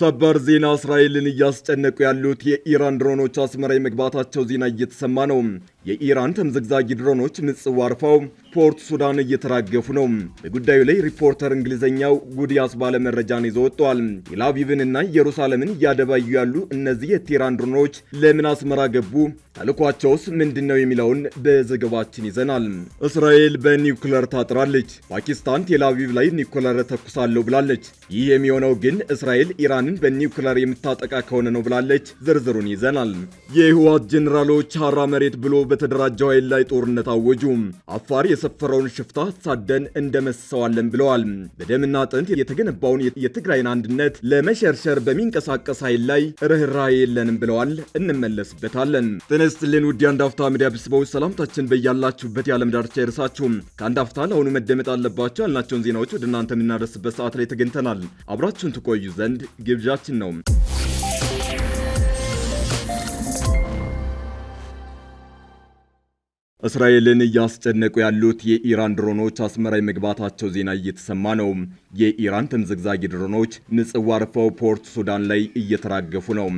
ሰበር ዜና እስራኤልን እያስጨነቁ ያሉት የኢራን ድሮኖች አስመራ የመግባታቸው ዜና እየተሰማ ነው። የኢራን ተምዘግዛጊ ድሮኖች ምጽዋ አርፈው ፖርት ሱዳን እየተራገፉ ነው። በጉዳዩ ላይ ሪፖርተር እንግሊዝኛው ጉድ ያስባለ መረጃን ይዞ ወጥቷል። ቴልአቪቭን እና ኢየሩሳሌምን እያደባዩ ያሉ እነዚህ የቴህራን ድሮኖች ለምን አስመራ ገቡ? ተልኳቸውስ ምንድን ነው የሚለውን በዘገባችን ይዘናል። እስራኤል በኒውክለር ታጥራለች። ፓኪስታን ቴልአቪቭ ላይ ኒውክለር ተኩሳለሁ ብላለች። ይህ የሚሆነው ግን እስራኤል ኢራንን በኒውክለር የምታጠቃ ከሆነ ነው ብላለች። ዝርዝሩን ይዘናል። የህዋት ጄኔራሎች ሀራ መሬት ብሎ በተደራጀው ኃይል ላይ ጦርነት አወጁ። አፋር የሰፈረውን ሽፍታ ሳደን እንደመሰዋለን ብለዋል። በደምና አጥንት የተገነባውን የትግራይን አንድነት ለመሸርሸር በሚንቀሳቀስ ኃይል ላይ ርኅራኄ የለንም ብለዋል። እንመለስበታለን። ጤና ይስጥልን ውድ የአንድ አፍታ ሚዲያ ቤተሰቦች፣ ሰላምታችን በያላችሁበት የዓለም ዳርቻ ይድረሳችሁ። ከአንድ አፍታ ለአሁኑ መደመጥ አለባቸው ያልናቸውን ዜናዎች ወደ እናንተ የምናደርስበት ሰዓት ላይ ተገኝተናል። አብራችሁን ትቆዩ ዘንድ ግብዣችን ነው። እስራኤልን እያስጨነቁ ያሉት የኢራን ድሮኖች አስመራ የመግባታቸው ዜና እየተሰማ ነው። የኢራን ተምዘግዛጊ ድሮኖች ምጽዋ አርፈው ፖርት ሱዳን ላይ እየተራገፉ ነው።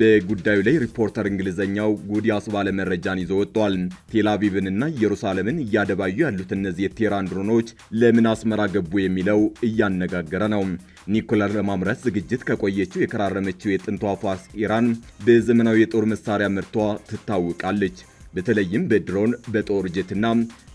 በጉዳዩ ላይ ሪፖርተር እንግሊዘኛው ጉድ ያስባለ መረጃን ይዞ ወጥቷል። ቴልአቪቭንና ኢየሩሳሌምን እያደባዩ ያሉት እነዚህ የቴህራን ድሮኖች ለምን አስመራ ገቡ የሚለው እያነጋገረ ነው። ኒኩለር ለማምረት ዝግጅት ከቆየችው የከራረመችው የጥንቷ ፋርስ ኢራን በዘመናዊ የጦር መሳሪያ ምርቷ ትታወቃለች። በተለይም በድሮን በጦር ጀትና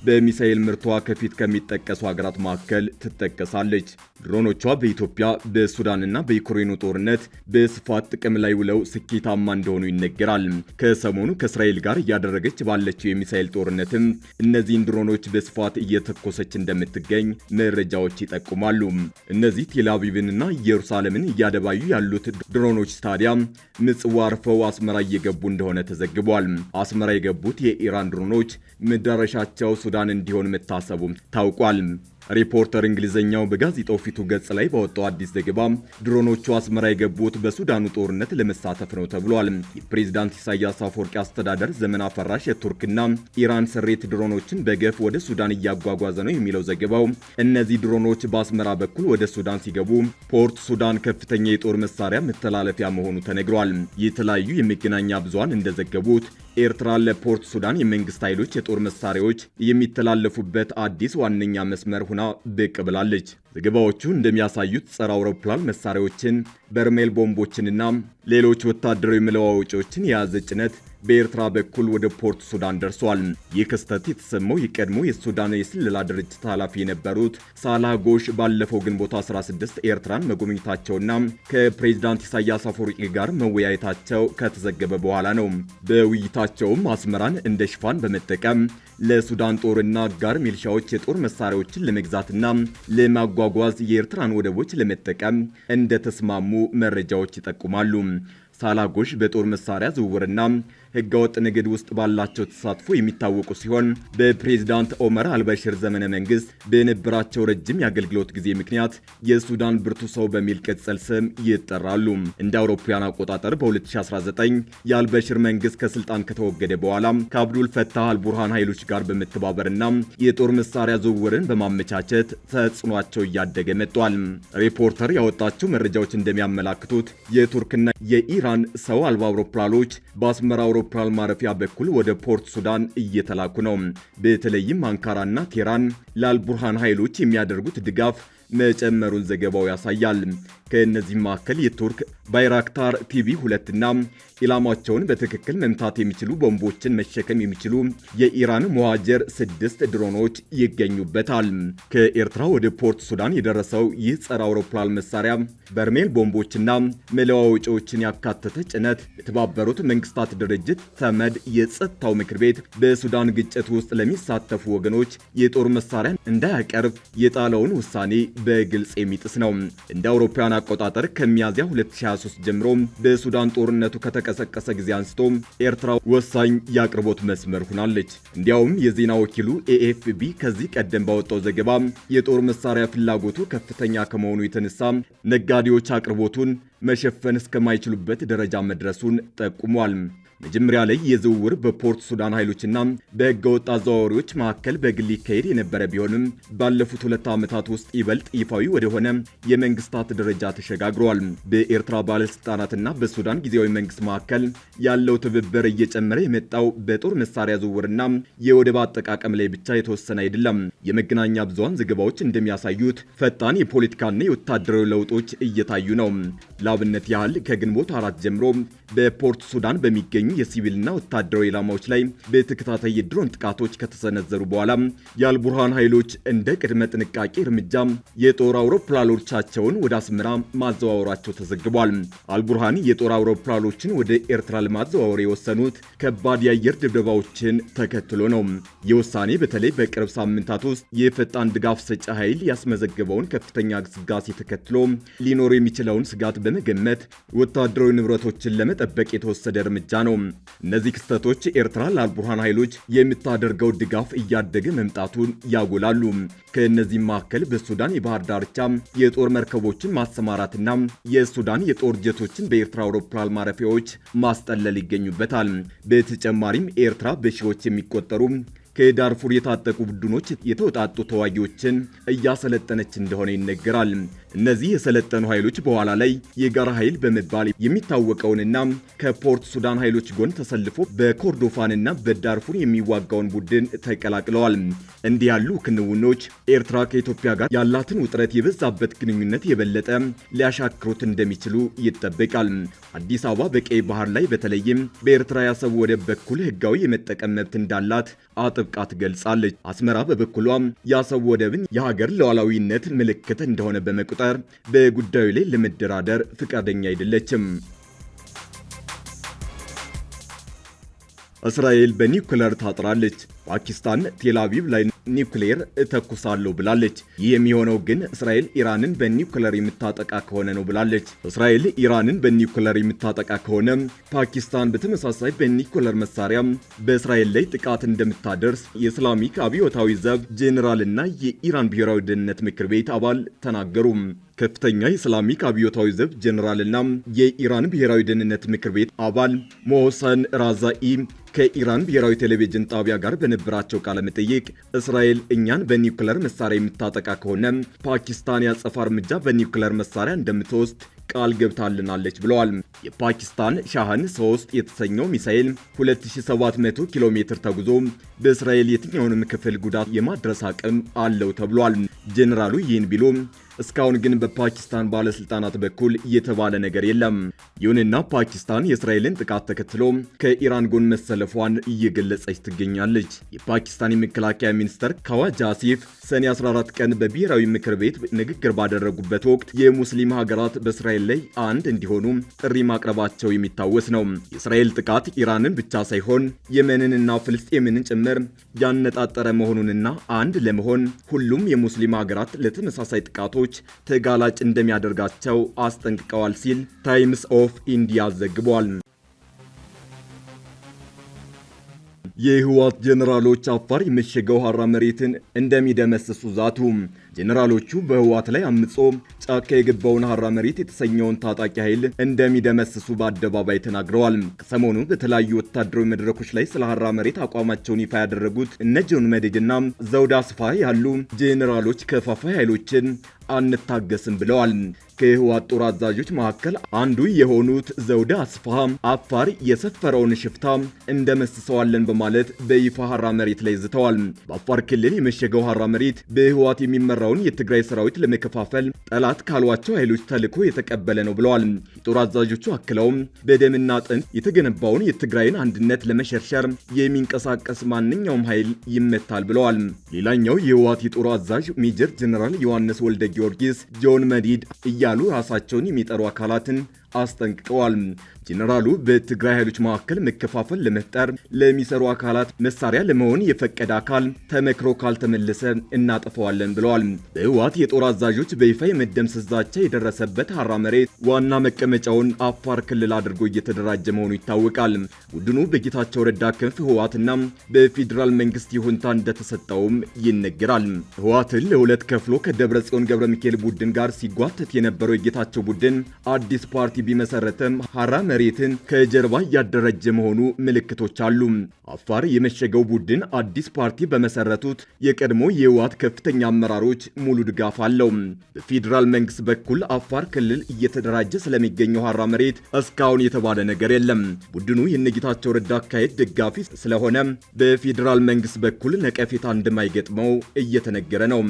በሚሳኤል ምርቷ ከፊት ከሚጠቀሱ ሀገራት መካከል ትጠቀሳለች። ድሮኖቿ በኢትዮጵያ በሱዳንና በዩክሬኑ ጦርነት በስፋት ጥቅም ላይ ውለው ስኬታማ እንደሆኑ ይነገራል። ከሰሞኑ ከእስራኤል ጋር እያደረገች ባለችው የሚሳኤል ጦርነትም እነዚህን ድሮኖች በስፋት እየተኮሰች እንደምትገኝ መረጃዎች ይጠቁማሉ። እነዚህ ቴልአቪቭንና ኢየሩሳሌምን እያደባዩ ያሉት ድሮኖች ታዲያ ምጽዋ አርፈው አስመራ እየገቡ እንደሆነ ተዘግቧል። አስመራ የገቡ ያደረጉት የኢራን ድሮኖች መዳረሻቸው ሱዳን እንዲሆን መታሰቡም ታውቋል። ሪፖርተር እንግሊዝኛው በጋዜጣው ፊቱ ገጽ ላይ ባወጣው አዲስ ዘገባ ድሮኖቹ አስመራ የገቡት በሱዳኑ ጦርነት ለመሳተፍ ነው ተብሏል። የፕሬዚዳንት ኢሳያስ አፈወርቂ አስተዳደር ዘመን አፈራሽ የቱርክና ኢራን ስሬት ድሮኖችን በገፍ ወደ ሱዳን እያጓጓዘ ነው የሚለው ዘገባው እነዚህ ድሮኖች በአስመራ በኩል ወደ ሱዳን ሲገቡ ፖርት ሱዳን ከፍተኛ የጦር መሳሪያ መተላለፊያ መሆኑ ተነግሯል። የተለያዩ የመገናኛ ብዙሃን እንደዘገቡት ኤርትራ ለፖርት ሱዳን የመንግስት ኃይሎች የጦር መሳሪያዎች የሚተላለፉበት አዲስ ዋነኛ መስመር ሆና ብቅ ብላለች። ዘገባዎቹ እንደሚያሳዩት ጸረ አውሮፕላን መሳሪያዎችን፣ በርሜል ቦምቦችንና ሌሎች ወታደራዊ መለዋወጫዎችን የያዘ ጭነት በኤርትራ በኩል ወደ ፖርት ሱዳን ደርሷል። ይህ ክስተት የተሰማው የቀድሞ የሱዳን የስለላ ድርጅት ኃላፊ የነበሩት ሳላህ ጎሽ ባለፈው ግንቦት 16 ኤርትራን መጎብኘታቸውና ከፕሬዚዳንት ኢሳያስ አፈወርቂ ጋር መወያየታቸው ከተዘገበ በኋላ ነው። በውይይታቸውም አስመራን እንደ ሽፋን በመጠቀም ለሱዳን ጦርና አጋር ሚሊሻዎች የጦር መሳሪያዎችን ለመግዛትና ለማጓ ለመጓጓዝ የኤርትራን ወደቦች ለመጠቀም እንደተስማሙ መረጃዎች ይጠቁማሉ። ሳላጎሽ በጦር መሳሪያ ዝውውርና ህገወጥ ንግድ ውስጥ ባላቸው ተሳትፎ የሚታወቁ ሲሆን በፕሬዝዳንት ኦመር አልበሽር ዘመነ መንግስት በነበራቸው ረጅም የአገልግሎት ጊዜ ምክንያት የሱዳን ብርቱ ሰው በሚል ቅጽል ስም ይጠራሉ። እንደ አውሮፓውያን አቆጣጠር በ2019 የአልበሽር መንግስት ከስልጣን ከተወገደ በኋላ ከአብዱል ፈታህ አልቡርሃን ኃይሎች ጋር በመተባበርና የጦር መሳሪያ ዝውውርን በማመቻቸት ተጽዕኗቸው እያደገ መጥቷል። ሪፖርተር ያወጣቸው መረጃዎች እንደሚያመላክቱት የቱርክና የኢራን የኤርትራን ሰው አልባ አውሮፕላኖች በአስመራ አውሮፕላን ማረፊያ በኩል ወደ ፖርት ሱዳን እየተላኩ ነው። በተለይም አንካራና ቴራን ለአልቡርሃን ኃይሎች የሚያደርጉት ድጋፍ መጨመሩን ዘገባው ያሳያል። ከእነዚህም መካከል የቱርክ ባይራክታር ቲቪ ሁለትና ኢላማቸውን በትክክል መምታት የሚችሉ ቦምቦችን መሸከም የሚችሉ የኢራን መዋጀር ስድስት ድሮኖች ይገኙበታል። ከኤርትራ ወደ ፖርት ሱዳን የደረሰው ይህ ጸረ አውሮፕላን መሳሪያ በርሜል ቦምቦችና መለዋወጫዎችን ያካተተ ጭነት የተባበሩት መንግስታት ድርጅት ተመድ የጸጥታው ምክር ቤት በሱዳን ግጭት ውስጥ ለሚሳተፉ ወገኖች የጦር መሳሪያን እንዳያቀርብ የጣለውን ውሳኔ በግልጽ የሚጥስ ነው። እንደ አውሮፓውያን አቆጣጠር ከሚያዝያ 2023 ጀምሮ በሱዳን ጦርነቱ ከተቀሰቀሰ ጊዜ አንስቶ ኤርትራ ወሳኝ የአቅርቦት መስመር ሆናለች። እንዲያውም የዜና ወኪሉ ኤኤፍቢ ከዚህ ቀደም ባወጣው ዘገባ የጦር መሳሪያ ፍላጎቱ ከፍተኛ ከመሆኑ የተነሳ ነጋዴዎች አቅርቦቱን መሸፈን እስከማይችሉበት ደረጃ መድረሱን ጠቁሟል። መጀመሪያ ላይ የዝውውር በፖርት ሱዳን ኃይሎችና በህገወጥ አዘዋዋሪዎች መካከል በግል ይካሄድ የነበረ ቢሆንም ባለፉት ሁለት ዓመታት ውስጥ ይበልጥ ይፋዊ ወደሆነ የመንግስታት ደረጃ ተሸጋግሯል። በኤርትራ ባለስልጣናትና በሱዳን ጊዜያዊ መንግስት መካከል ያለው ትብብር እየጨመረ የመጣው በጦር መሳሪያ ዝውውርና የወደብ አጠቃቀም ላይ ብቻ የተወሰነ አይደለም። የመገናኛ ብዙሃን ዘገባዎች እንደሚያሳዩት ፈጣን የፖለቲካና የወታደራዊ ለውጦች እየታዩ ነው። ለአብነት ያህል ከግንቦት አራት ጀምሮ በፖርት ሱዳን በሚገኙ የሲቪልና ወታደራዊ ኢላማዎች ላይ በተከታታይ የድሮን ጥቃቶች ከተሰነዘሩ በኋላ የአልቡርሃን ኃይሎች እንደ ቅድመ ጥንቃቄ እርምጃ የጦር አውሮፕላኖቻቸውን ወደ አስመራ ማዘዋወራቸው ተዘግቧል። አልቡርሃን የጦር አውሮፕላኖችን ወደ ኤርትራ ለማዘዋወር የወሰኑት ከባድ የአየር ድብደባዎችን ተከትሎ ነው። የውሳኔ ውሳኔ በተለይ በቅርብ ሳምንታት ውስጥ የፈጣን ድጋፍ ሰጪ ኃይል ያስመዘገበውን ከፍተኛ ግስጋሴ ተከትሎ ሊኖር የሚችለውን ስጋት በመገመት ወታደራዊ ንብረቶችን ለመ ለመጠበቅ የተወሰደ እርምጃ ነው። እነዚህ ክስተቶች ኤርትራ ለአልቡርሃን ኃይሎች የምታደርገው ድጋፍ እያደገ መምጣቱን ያጎላሉ። ከእነዚህም መካከል በሱዳን የባህር ዳርቻ የጦር መርከቦችን ማሰማራትና የሱዳን የጦር ጀቶችን በኤርትራ አውሮፕላን ማረፊያዎች ማስጠለል ይገኙበታል። በተጨማሪም ኤርትራ በሺዎች የሚቆጠሩ ከዳርፉር የታጠቁ ቡድኖች የተወጣጡ ተዋጊዎችን እያሰለጠነች እንደሆነ ይነገራል። እነዚህ የሰለጠኑ ኃይሎች በኋላ ላይ የጋራ ኃይል በመባል የሚታወቀውንና ከፖርት ሱዳን ኃይሎች ጎን ተሰልፎ በኮርዶፋንና በዳርፉር የሚዋጋውን ቡድን ተቀላቅለዋል። እንዲህ ያሉ ክንውኖች ኤርትራ ከኢትዮጵያ ጋር ያላትን ውጥረት የበዛበት ግንኙነት የበለጠ ሊያሻክሩት እንደሚችሉ ይጠበቃል። አዲስ አበባ በቀይ ባህር ላይ በተለይም በኤርትራ ያሰብ ወደብ በኩል ህጋዊ የመጠቀም መብት እንዳላት አጥብ እንደሚያበቃ ትገልጻለች። አስመራ በበኩሏም የአሰብ ወደብን የሀገር ሉዓላዊነት ምልክት እንደሆነ በመቁጠር በጉዳዩ ላይ ለመደራደር ፍቃደኛ አይደለችም። እስራኤል በኒውክለር ታጥራለች። ፓኪስታን ቴልአቪቭ ላይ ኒውክሌር እተኩሳለሁ ብላለች። ይህ የሚሆነው ግን እስራኤል ኢራንን በኒውክሌር የምታጠቃ ከሆነ ነው ብላለች። እስራኤል ኢራንን በኒውክሌር የምታጠቃ ከሆነ ፓኪስታን በተመሳሳይ በኒውክሌር መሳሪያ በእስራኤል ላይ ጥቃት እንደምታደርስ የእስላሚክ አብዮታዊ ዘብ ጄኔራልና የኢራን ብሔራዊ ደህንነት ምክር ቤት አባል ተናገሩ። ከፍተኛ የእስላሚክ አብዮታዊ ዘብ ጄኔራልና የኢራን ብሔራዊ ደህንነት ምክር ቤት አባል ሞሆሰን ራዛኢ ከኢራን ብሔራዊ ቴሌቪዥን ጣቢያ ጋር በነ በነበራቸው ቃለ መጠይቅ እስራኤል እኛን በኒውክለር መሳሪያ የምታጠቃ ከሆነ ፓኪስታን ያጸፋ እርምጃ በኒውክለር መሳሪያ እንደምትወስድ ቃል ገብታልናለች ብለዋል። የፓኪስታን ሻህን ሶስት የተሰኘው ሚሳኤል 2700 ኪሎ ሜትር ተጉዞ በእስራኤል የትኛውንም ክፍል ጉዳት የማድረስ አቅም አለው ተብሏል። ጄኔራሉ ይህን ቢሉ እስካሁን ግን በፓኪስታን ባለስልጣናት በኩል የተባለ ነገር የለም። ይሁንና ፓኪስታን የእስራኤልን ጥቃት ተከትሎ ከኢራን ጎን መሰለፏን እየገለጸች ትገኛለች። የፓኪስታን የመከላከያ ሚኒስትር ካዋጅ አሲፍ ሰኔ 14 ቀን በብሔራዊ ምክር ቤት ንግግር ባደረጉበት ወቅት የሙስሊም ሀገራት በእስራኤል ላይ አንድ እንዲሆኑ ጥሪ ማቅረባቸው የሚታወስ ነው። የእስራኤል ጥቃት ኢራንን ብቻ ሳይሆን የመንንና ፍልስጤምንን ጭምር ያነጣጠረ መሆኑንና አንድ ለመሆን ሁሉም የሙስሊም ሀገራት ለተመሳሳይ ጥቃቶች ኃይሎች ተጋላጭ እንደሚያደርጋቸው አስጠንቅቀዋል ሲል ታይምስ ኦፍ ኢንዲያ ዘግቧል። የህወሓት ጀነራሎች አፋር የመሸገው ሀራ መሬትን እንደሚደመስሱ ዛቱ። ጀነራሎቹ በህወሓት ላይ አምጾ ጫካ የገባውን ሀራ መሬት የተሰኘውን ታጣቂ ኃይል እንደሚደመስሱ በአደባባይ ተናግረዋል። ከሰሞኑ በተለያዩ ወታደራዊ መድረኮች ላይ ስለ ሀራ መሬት አቋማቸውን ይፋ ያደረጉት እነ ጆን መዴድና ዘውድ አስፋ ያሉ ጄኔራሎች ከፋፋይ ኃይሎችን አንታገስም ብለዋል። ከህወሓት ጦር አዛዦች መካከል አንዱ የሆኑት ዘውድ አስፋ አፋር የሰፈረውን ሽፍታ እንደመስሰዋለን በማለት በይፋ ሀራ መሬት ላይ ዝተዋል። በአፋር ክልል የመሸገው ሀራ መሬት በህወሓት የሚመራውን የትግራይ ሰራዊት ለመከፋፈል ጠላት ካሏቸው ኃይሎች ተልዕኮ የተቀበለ ነው ብለዋል። የጦር አዛዦቹ አክለውም በደምና አጥንት የተገነባውን የትግራይን አንድነት ለመሸርሸር የሚንቀሳቀስ ማንኛውም ኃይል ይመታል ብለዋል። ሌላኛው የህወሓት የጦር አዛዥ ሜጀር ጀነራል ዮሐንስ ወልደ ጊዮርጊስ፣ ጆን መዲድ እያሉ ራሳቸውን የሚጠሩ አካላትን አስጠንቅቀዋል። ጄኔራሉ በትግራይ ኃይሎች መካከል መከፋፈል ለመፍጠር ለሚሰሩ አካላት መሳሪያ ለመሆን የፈቀደ አካል ተመክሮ ካልተመለሰ እናጠፈዋለን ብለዋል። በህወሓት የጦር አዛዦች በይፋ የመደምሰስ ዛቻ የደረሰበት ሀራ መሬት ዋና መቀመጫውን አፋር ክልል አድርጎ እየተደራጀ መሆኑ ይታወቃል። ቡድኑ በጌታቸው ረዳ ክንፍ ህወሓትና በፌዴራል መንግስት ይሁንታ እንደተሰጠውም ይነገራል። ህወሓትን ለሁለት ከፍሎ ከደብረ ጽዮን ገብረ ሚካኤል ቡድን ጋር ሲጓተት የነበረው የጌታቸው ቡድን አዲስ ፓርቲ ቢመሰረተም ሀራ መሬትን ከጀርባ እያደረጀ መሆኑ ምልክቶች አሉ። አፋር የመሸገው ቡድን አዲስ ፓርቲ በመሰረቱት የቀድሞ የህወሓት ከፍተኛ አመራሮች ሙሉ ድጋፍ አለው። በፌዴራል መንግስት በኩል አፋር ክልል እየተደራጀ ስለሚገኘው ሀራ መሬት እስካሁን የተባለ ነገር የለም። ቡድኑ የነጌታቸው ረዳ አካሄድ ደጋፊ ስለሆነ በፌዴራል መንግስት በኩል ነቀፌታ እንደማይገጥመው እየተነገረ ነው።